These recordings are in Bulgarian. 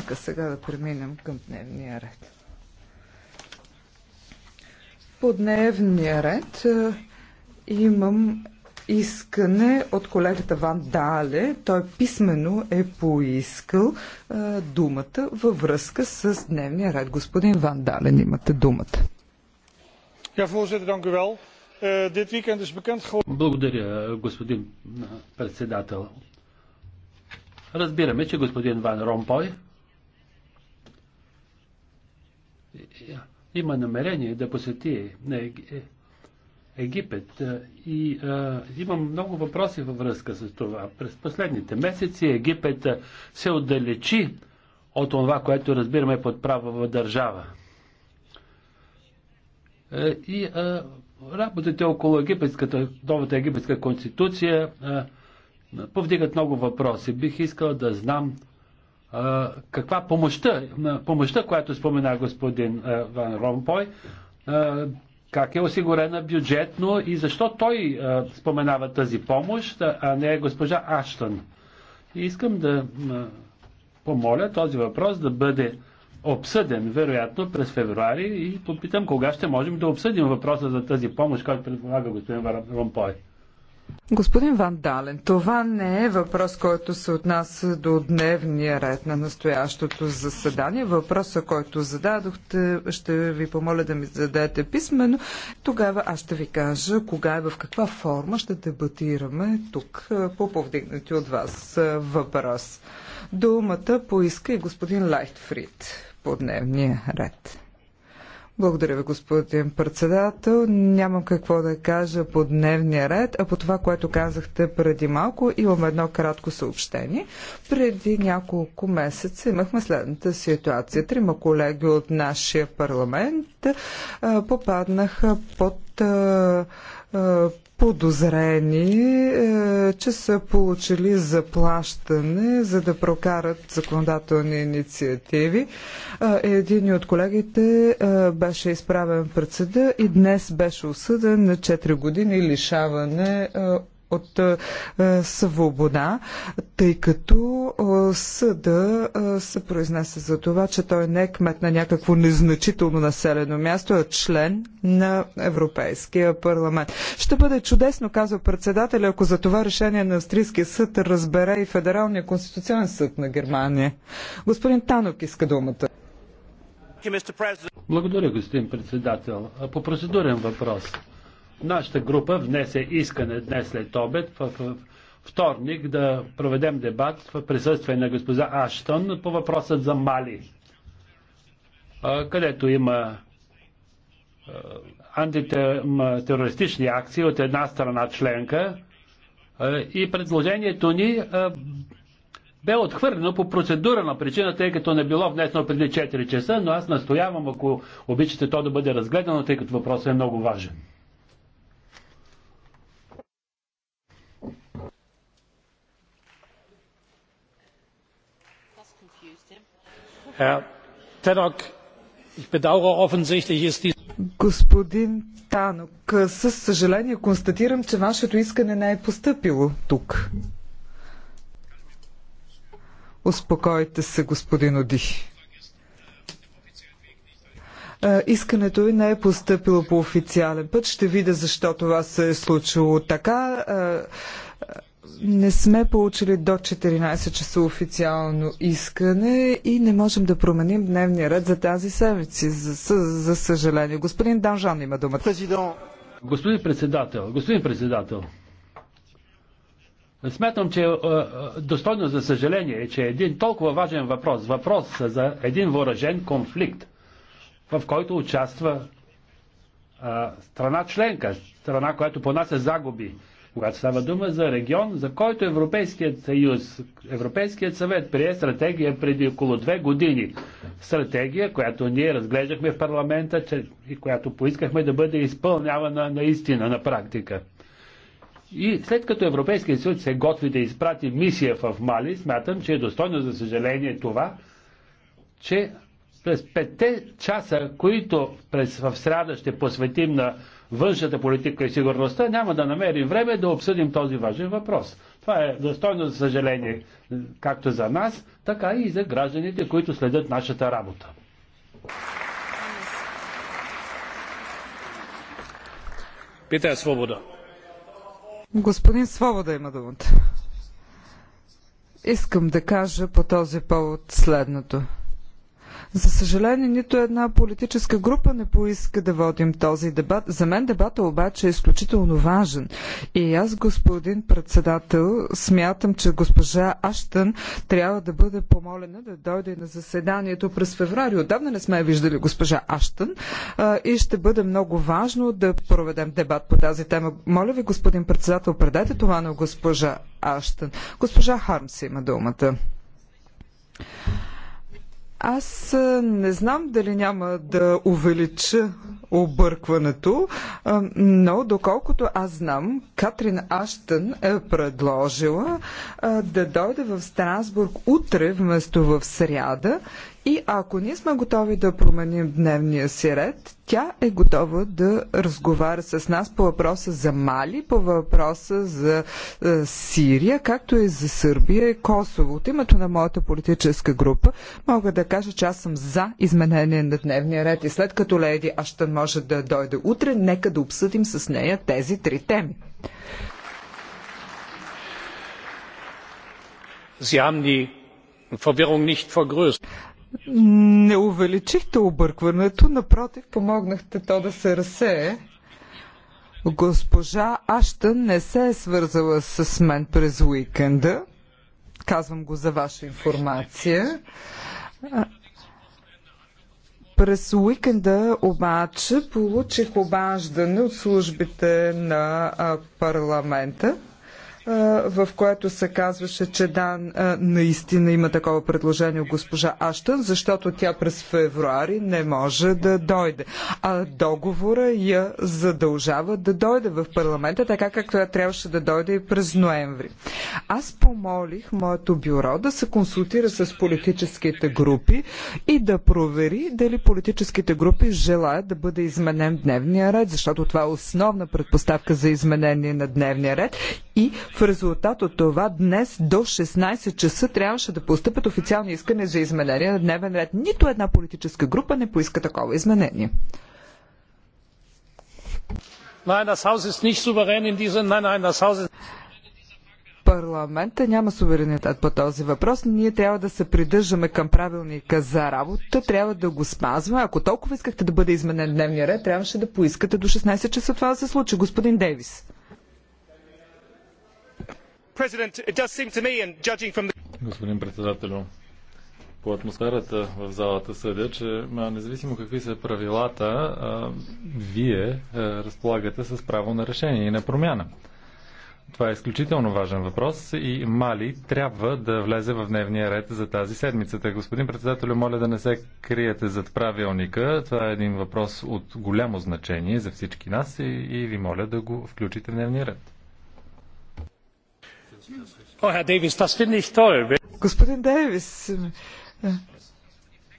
Нека сега да преминем към дневния ред. По дневния ред е, имам искане от колегата Ван Дале. Той писменно е поискал е, думата във връзка с дневния ред. Господин Ван Дален, имате думата. Eh, Благодаря, господин е, председател. Разбираме, че господин Ван Ромпой има намерение да посети на е, е, Египет е, и а, имам много въпроси във връзка с това. През последните месеци Египет се отдалечи от това, което разбираме под правова държава. И а, работите около египетската, новата египетска конституция а, повдигат много въпроси. Бих искал да знам каква помощта, помощта, която спомена господин Ван Ромпой, как е осигурена бюджетно и защо той споменава тази помощ, а не госпожа Аштън. И искам да помоля този въпрос да бъде обсъден, вероятно, през февруари и попитам кога ще можем да обсъдим въпроса за тази помощ, който предполага господин Ромпой. Господин Ван Дален, това не е въпрос, който се отнася до дневния ред на настоящото заседание. Въпросът, който зададохте, ще ви помоля да ми зададете писменно. Тогава аз ще ви кажа кога и в каква форма ще дебатираме тук е, по повдигнати от вас е, въпрос. Думата поиска и господин Лайтфрид по дневния ред. Благодаря ви, господин председател. Нямам какво да кажа по дневния ред, а по това, което казахте преди малко, имам едно кратко съобщение. Преди няколко месеца имахме следната ситуация. Трима колеги от нашия парламент попаднаха под бъдат подозрени, е, че са получили заплащане, за да прокарат законодателни инициативи. Един от колегите беше изправен пред съда и днес беше осъден на 4 години лишаване от а, е, е, свобода, тъй като а, е, съда а, се произнесе за това, че той не е кмет на някакво незначително населено място, а член на Европейския парламент. Ще бъде чудесно, казва председателя, ако за това решение на Австрийския съд разбере и Федералния конституционен съд на Германия. Господин Танок иска думата. Благодаря, господин председател. По процедурен въпрос. Нашата група внесе искане днес след обед в, в вторник да проведем дебат в присъствие на госпожа Аштън по въпросът за Мали, където има антитерористични акции от една страна членка и предложението ни бе отхвърлено по процедура на причина, тъй като не било внесено преди 4 часа, но аз настоявам, ако обичате то да бъде разгледано, тъй като въпросът е много важен. Господин Танок, със съжаление констатирам, че вашето искане не е поступило тук. Успокойте се, господин Оди. Е, искането ви не е поступило по официален път. Ще видя защо това се е случило така е, не сме получили до 14 часа официално искане и не можем да променим дневния ред за тази седмица, за, за съжаление. Господин Данжан има думата. Президент. Господин председател, господин председател, смятам, че е, е, достойно за съжаление е, че един толкова важен въпрос, въпрос за един въоръжен конфликт, в който участва а, е, страна членка, страна, която понася загуби, когато става дума за регион, за който Европейският съюз, Европейският съвет прие стратегия преди около две години. Стратегия, която ние разглеждахме в парламента че, и която поискахме да бъде изпълнявана наистина на практика. И след като Европейския съюз се готви да изпрати мисия в Мали, смятам, че е достойно за съжаление това, че през петте часа, които през, в среда ще посветим на външната политика и сигурността, няма да намерим време да обсъдим този важен въпрос. Това е достойно за съжаление, както за нас, така и за гражданите, които следят нашата работа. Питая Свобода. Господин Свобода има думата. Искам да кажа по този повод следното. За съжаление, нито една политическа група не поиска да водим този дебат. За мен дебата обаче е изключително важен. И аз, господин председател, смятам, че госпожа Аштън трябва да бъде помолена да дойде на заседанието през феврари. Отдавна не сме виждали госпожа Аштън и ще бъде много важно да проведем дебат по тази тема. Моля ви, господин председател, предайте това на госпожа Аштън. Госпожа Хармс има думата. Аз не знам дали няма да увелича объркването, но доколкото аз знам, Катрин Аштън е предложила да дойде в Страсбург утре вместо в сряда и ако ние сме готови да променим дневния си ред, тя е готова да разговаря с нас по въпроса за Мали, по въпроса за е, Сирия, както и за Сърбия и Косово. От името на моята политическа група мога да кажа, че аз съм за изменение на дневния ред и след като Леди Аштън може да дойде утре, нека да обсъдим с нея тези три теми. Sie haben die Verwirrung nicht vergrößert не увеличихте объркването, напротив, помогнахте то да се разсее. Госпожа Аштън не се е свързала с мен през уикенда. Казвам го за ваша информация. През уикенда обаче получих обаждане от службите на парламента в което се казваше, че да, наистина има такова предложение от госпожа Аштън, защото тя през февруари не може да дойде. А договора я задължава да дойде в парламента, така както тя трябваше да дойде и през ноември. Аз помолих моето бюро да се консултира с политическите групи и да провери дали политическите групи желаят да бъде изменен дневния ред, защото това е основна предпоставка за изменение на дневния ред и в резултат от това днес до 16 часа трябваше да поступят официални искания за изменение на дневен ред. Нито една политическа група не поиска такова изменение. парламента няма суверенитет по този въпрос. Ние трябва да се придържаме към правилника за работа, трябва да го спазваме. Ако толкова искахте да бъде изменен дневния ред, трябваше да поискате до 16 часа това да се случи. Господин Дейвис. Господин председател, по атмосферата в залата съдя, че независимо какви са правилата, вие разполагате с право на решение и на промяна. Това е изключително важен въпрос и Мали трябва да влезе в дневния ред за тази седмицата. Господин председател, моля да не се криете зад правилника. Това е един въпрос от голямо значение за всички нас и, и ви моля да го включите в дневния ред. Oh, Господин Дейвис,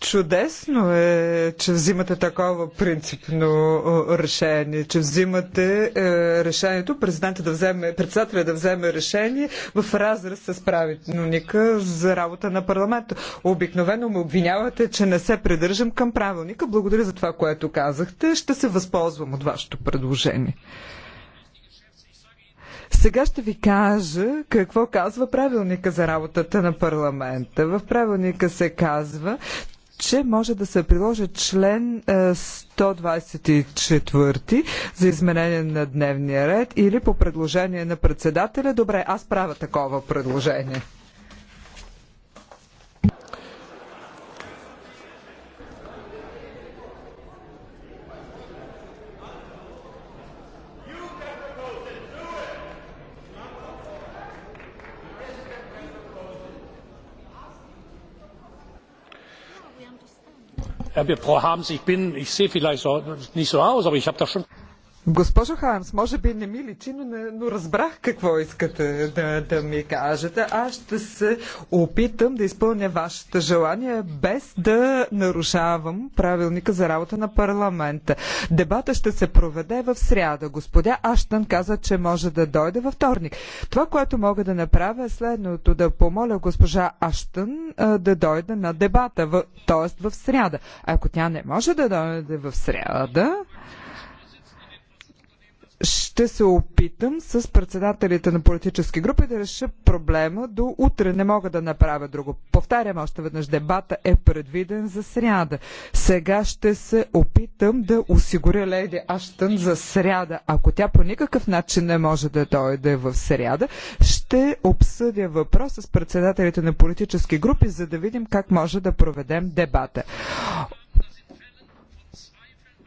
чудесно е, че взимате такова принципно решение, че взимате е, решението президента да вземе, председателя да вземе решение в разрез с правилника за работа на парламента. Обикновено ме обвинявате, че не се придържам към правилника. Благодаря за това, което казахте. Ще се възползвам от вашето предложение. Сега ще ви кажа какво казва правилника за работата на парламента. В правилника се казва, че може да се приложи член 124 е, за изменение на дневния ред или по предложение на председателя. Добре, аз правя такова предложение. herr habsburg ich sehe vielleicht nicht so aus aber ich habe das schon. Госпожо Хармс, може би не ми личи, но, не, но разбрах какво искате да, да ми кажете. Аз ще се опитам да изпълня вашите желания, без да нарушавам правилника за работа на парламента. Дебата ще се проведе в сряда. Господя Аштън каза, че може да дойде във вторник. Това, което мога да направя е следното. Да помоля госпожа Аштън а, да дойде на дебата, т.е. в сряда. Ако тя не може да дойде в сряда, ще се опитам с председателите на политически групи да реша проблема до утре. Не мога да направя друго. Повтарям още веднъж, дебата е предвиден за сряда. Сега ще се опитам да осигуря Леди Аштън за сряда. Ако тя по никакъв начин не може да дойде в сряда, ще обсъдя въпроса с председателите на политически групи, за да видим как може да проведем дебата.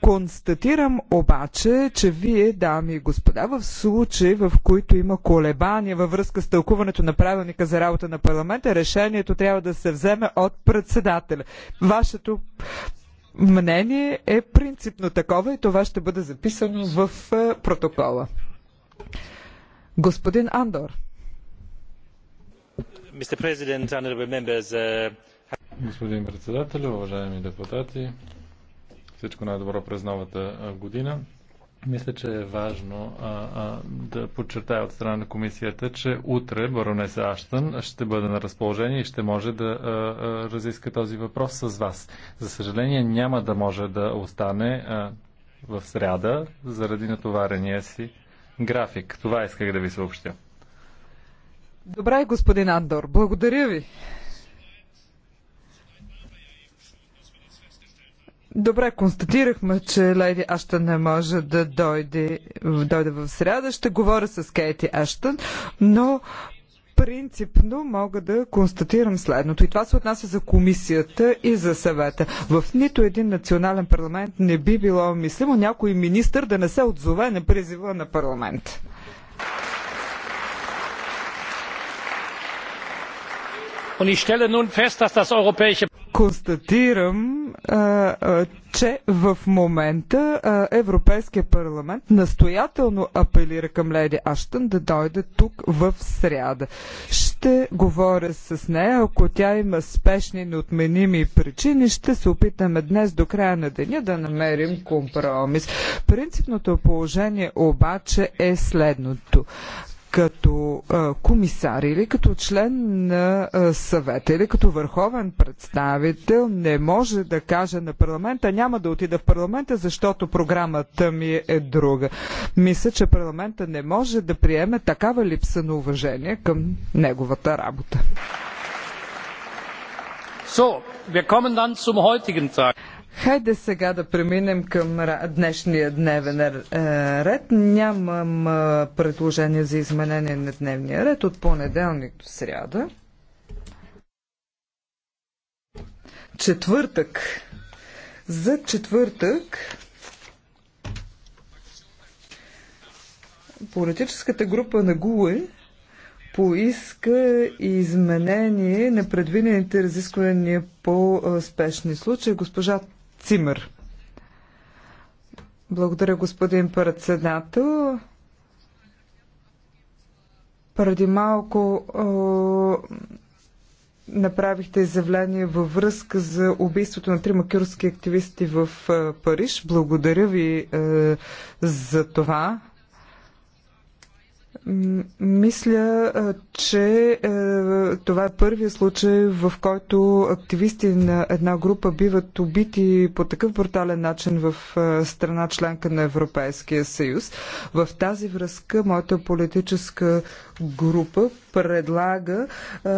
Констатирам обаче, че вие, дами и господа, в случаи, в които има колебания във връзка с тълкуването на правилника за работа на парламента, решението трябва да се вземе от председателя. Вашето мнение е принципно такова и това ще бъде записано в е, протокола. Господин Андор. Е, Господин председател, уважаеми депутати, всичко най-добро през новата година. Мисля, че е важно а, а, да подчертая от страна на комисията, че утре баронеса Аштън ще бъде на разположение и ще може да а, а, разиска този въпрос с вас. За съжаление няма да може да остане а, в сряда заради натоварения си график. Това исках да ви съобщя. Добре, господин Андор. Благодаря ви. Добре, констатирахме, че Леди Аштън не може да дойде, дойде в среда. Ще говоря с Кейти Аштън, но принципно мога да констатирам следното. И това се отнася за комисията и за съвета. В нито един национален парламент не би било мислимо някой министър да не се отзове на призива на парламент. Констатирам, че в момента Европейския парламент настоятелно апелира към леди Аштън да дойде тук в сряда. Ще говоря с нея, ако тя има спешни неотменими причини, ще се опитаме днес до края на деня да намерим компромис. Принципното положение обаче е следното като комисар или като член на съвета или като върховен представител не може да каже на парламента няма да отида в парламента, защото програмата ми е друга. Мисля, че парламента не може да приеме такава липса на уважение към неговата работа. So, wir kommen dann zum heutigen Tag. Хайде сега да преминем към днешния дневен е, ред. Нямам е, предложение за изменение на дневния ред от понеделник до сряда. Четвъртък. За четвъртък политическата група на ГУЕ поиска изменение на предвидените разисквания по е, спешни случаи. Госпожа Цимер. Благодаря, господин председател. Преди малко направихте изявление във връзка за убийството на три макюрски активисти в Париж. Благодаря ви е, за това. Мисля, че е, това е първият случай, в който активисти на една група биват убити по такъв брутален начин в е, страна членка на Европейския съюз. В тази връзка моята политическа група предлага а,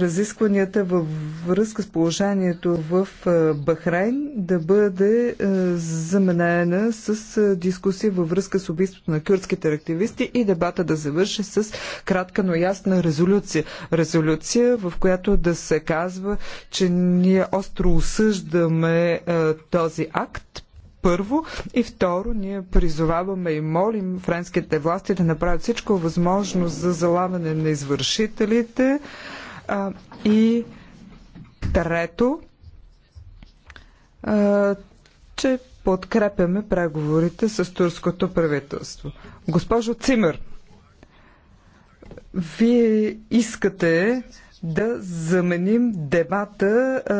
разискванията във връзка с положението в Бахрайн да бъде а, заменена с а, дискусия във връзка с убийството на кюрдските активисти и дебата да завърши с кратка, но ясна резолюция. Резолюция, в която да се казва, че ние остро осъждаме а, този акт, първо. И второ, ние призоваваме и молим френските власти да направят всичко възможно за залавяне на извършителите. А, и трето, а, че подкрепяме преговорите с турското правителство. Госпожо Цимер, вие искате да заменим дебата а,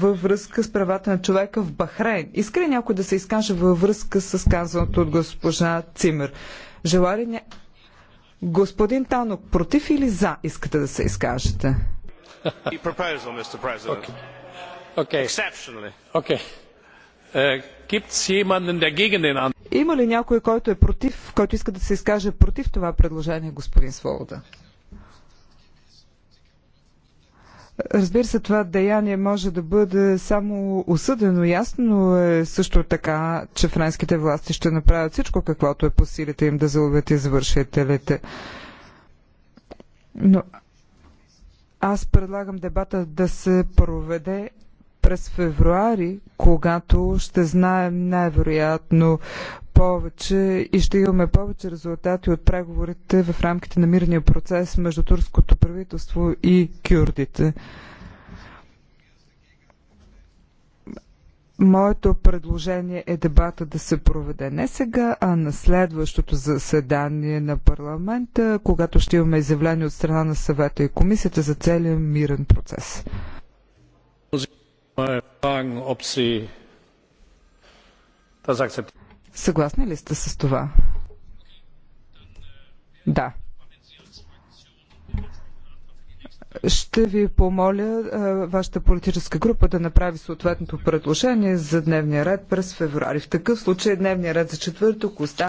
във връзка с правата на човека в Бахрейн. Иска ли някой да се изкаже във връзка с казаното от госпожа Цимер? Желая ли ня... Господин Танок, против или за искате да се изкажете? Uh, Има ли някой, който е против, който иска да се изкаже против това предложение, господин Сволда? Разбира се, това деяние може да бъде само осъдено. Ясно е също така, че френските власти ще направят всичко, каквото е по силите им да заловят извършителите. Но аз предлагам дебата да се проведе през февруари, когато ще знаем най-вероятно повече и ще имаме повече резултати от преговорите в рамките на мирния процес между турското правителство и кюрдите. Моето предложение е дебата да се проведе не сега, а на следващото заседание на парламента, когато ще имаме изявление от страна на съвета и комисията за целия мирен процес. Das akzeptieren. Съгласни ли сте с това? Да. Ще ви помоля а, вашата политическа група да направи съответното предложение за дневния ред през февруари. В такъв случай дневния ред за четвъртък остава.